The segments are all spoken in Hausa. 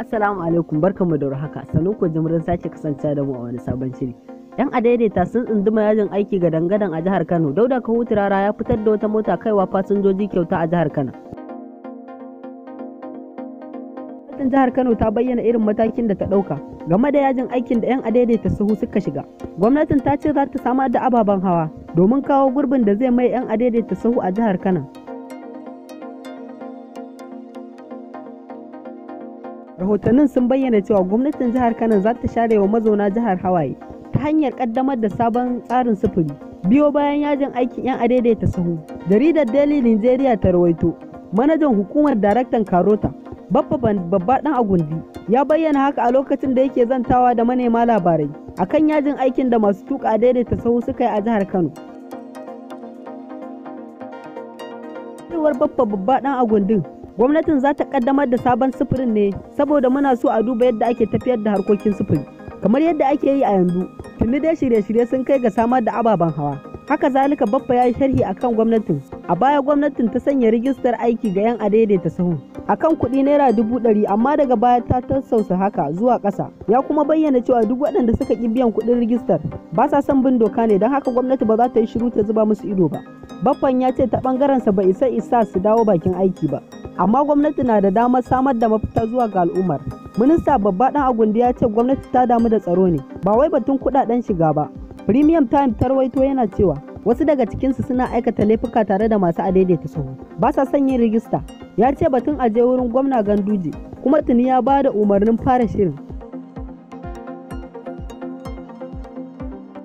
Assalamu alaikum barkanmu da haka sanu ku jimrin sake kasance da mu a wani sabon shiri. Yan adaidaita sun tsunduma yajin aiki ga dangadan a jihar Kano. Dauda Kahutu rara ya fitar da wata mota kaiwa fasinjoji kyauta a jihar Kano. Gwamnatin jihar Kano ta bayyana irin matakin da ta ɗauka game da yajin aikin da 'yan adaidaita suhu suka shiga. Gwamnatin ta ce za ta samar da ababen hawa domin kawo gurbin da zai mai 'yan adaidaita suhu a jihar Kano. rahotannin sun bayyana cewa gwamnatin jihar kano za ta share wa mazauna jihar hawaii ta hanyar kaddamar da sabon tsarin sufuri biyo bayan yajin aikin 'yan adaidaita sahu jaridar daily nigeria ta rawaito manajan hukumar daraktan karota babba dan agundi ya bayyana haka a lokacin da yake zantawa da manema labarai akan yajin aikin da masu tuka ta sahu suka yi a jihar kano cewar babba babba dan agundin gwamnatin za ta kaddamar da sabon sufurin ne saboda muna so a duba yadda ake tafiyar da harkokin sufuri kamar yadda ake yi a yanzu tuni dai shirye-shirye sun kai ga samar da ababen hawa haka zalika baffa ya yi sharhi akan gwamnatin a baya gwamnatin ta sanya rijistar aiki ga 'yan adaidaita sahu akan kuɗi naira dubu ɗari amma daga baya ta tassausa haka zuwa ƙasa ya kuma bayyana cewa duk waɗanda suka ƙi biyan kuɗin rijistar ba sa son bin doka ne don haka gwamnati ba za ta yi shiru ta zuba musu ido ba Baffan ya ce ta ɓangarensa bai isa isa su dawo bakin aiki ba. Amma gwamnati na da damar samar da mafita zuwa ga al'ummar. Minista babba ɗan agundi ya ce gwamnati ta damu da tsaro ne, ba wai batun kuɗaɗen shiga ba. Premium Time tarwaito yana cewa wasu daga cikinsu suna aikata laifuka tare da masu adaidaita sahu. Ba sa son yin rijista. Ya ce batun aje wurin gwamna Ganduje kuma tuni ya ba da umarnin fara shirin.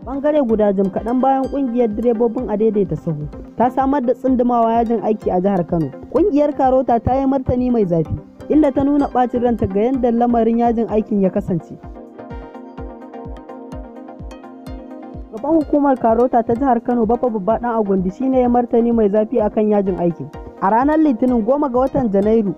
bangare guda jim kaɗan bayan ƙungiyar direbobin a daidaita sahu ta samar da tsindimawa yajin aiki a jihar kano ƙungiyar karota ta yi martani mai zafi inda ta nuna ɓacin ranta ga yadda lamarin yajin aikin ya kasance gaban hukumar karota ta jihar kano bafa babba dan agundi shine ya martani mai zafi akan yajin aiki, a ranar litinin goma ga watan janairu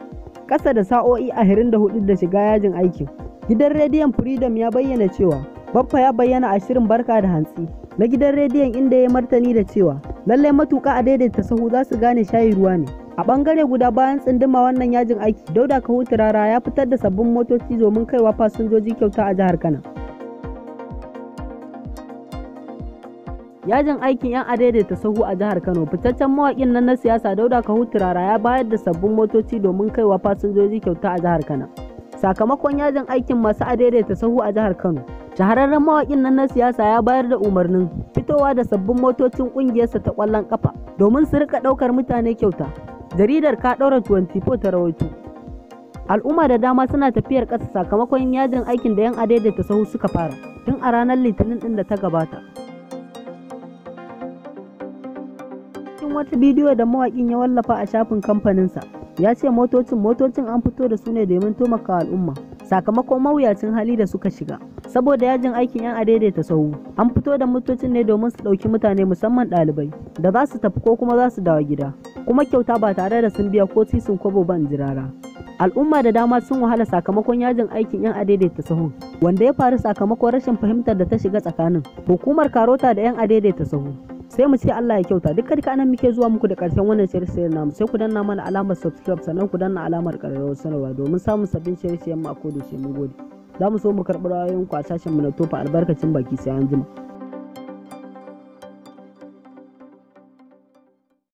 kasa da sa'o'i 24 da shiga yajin aikin gidan rediyon freedom ya bayyana cewa Baffa ya bayyana a shirin barka da hantsi na gidan rediyon inda ya martani da cewa lallai matuƙa a daidaita sahu za su gane shayi ruwa ne. A ɓangare guda bayan tsinduma wannan yajin aiki, Dauda Kahutu Rara ya fitar da sabbin motoci domin kaiwa fasinjoji kyauta a jihar Kano. Yajin aikin 'yan adaidaita sahu a jihar Kano fitaccen mawaƙin nan na siyasa Dauda Kahutu Rara ya bayar da sabbin motoci domin kaiwa fasinjoji kyauta a jihar Kano. Sakamakon yajin aikin masu adaidaita sahu a jihar Kano, shahararren mawakin nan na siyasa ya bayar da umarnin fitowa da sabbin motocin ƙungiyarsa ta kwallon kafa domin su rika daukar mutane kyauta jaridar ka daura 24 ta rawaito al'umma da dama suna tafiyar kasa sakamakon yajin aikin da 'yan ta sahu suka fara tun a ranar litinin din da ta gabata cikin wata bidiyo da mawakin ya wallafa a shafin kamfaninsa ya ce motocin motocin an fito da su ne domin taimaka al'umma sakamakon mawuyacin hali da suka shiga saboda yajin aikin 'yan adaidaita sahu an fito da motocin ne domin su dauki mutane musamman ɗalibai da za su tafi ko kuma za su dawo gida kuma kyauta ba tare da sun biya ko sun kwabo ban jirara al'umma da dama sun wahala sakamakon yajin aikin 'yan adaidaita sahu wanda ya faru sakamakon rashin fahimtar da ta shiga tsakanin hukumar karota da 'yan adaidaita sahu sai mu ce Allah ya kyauta duk kadi kanan muke zuwa muku da karshen wannan shirin shiryen namu sai ku danna mana alamar subscribe sannan ku danna alamar ƙararrawar sanarwa domin samun sabbin shirye-shiryen mu a kodayaushe mun gode za mu so mu karɓi ra'ayoyinku a mu na tofa albarkacin baki sai an jima.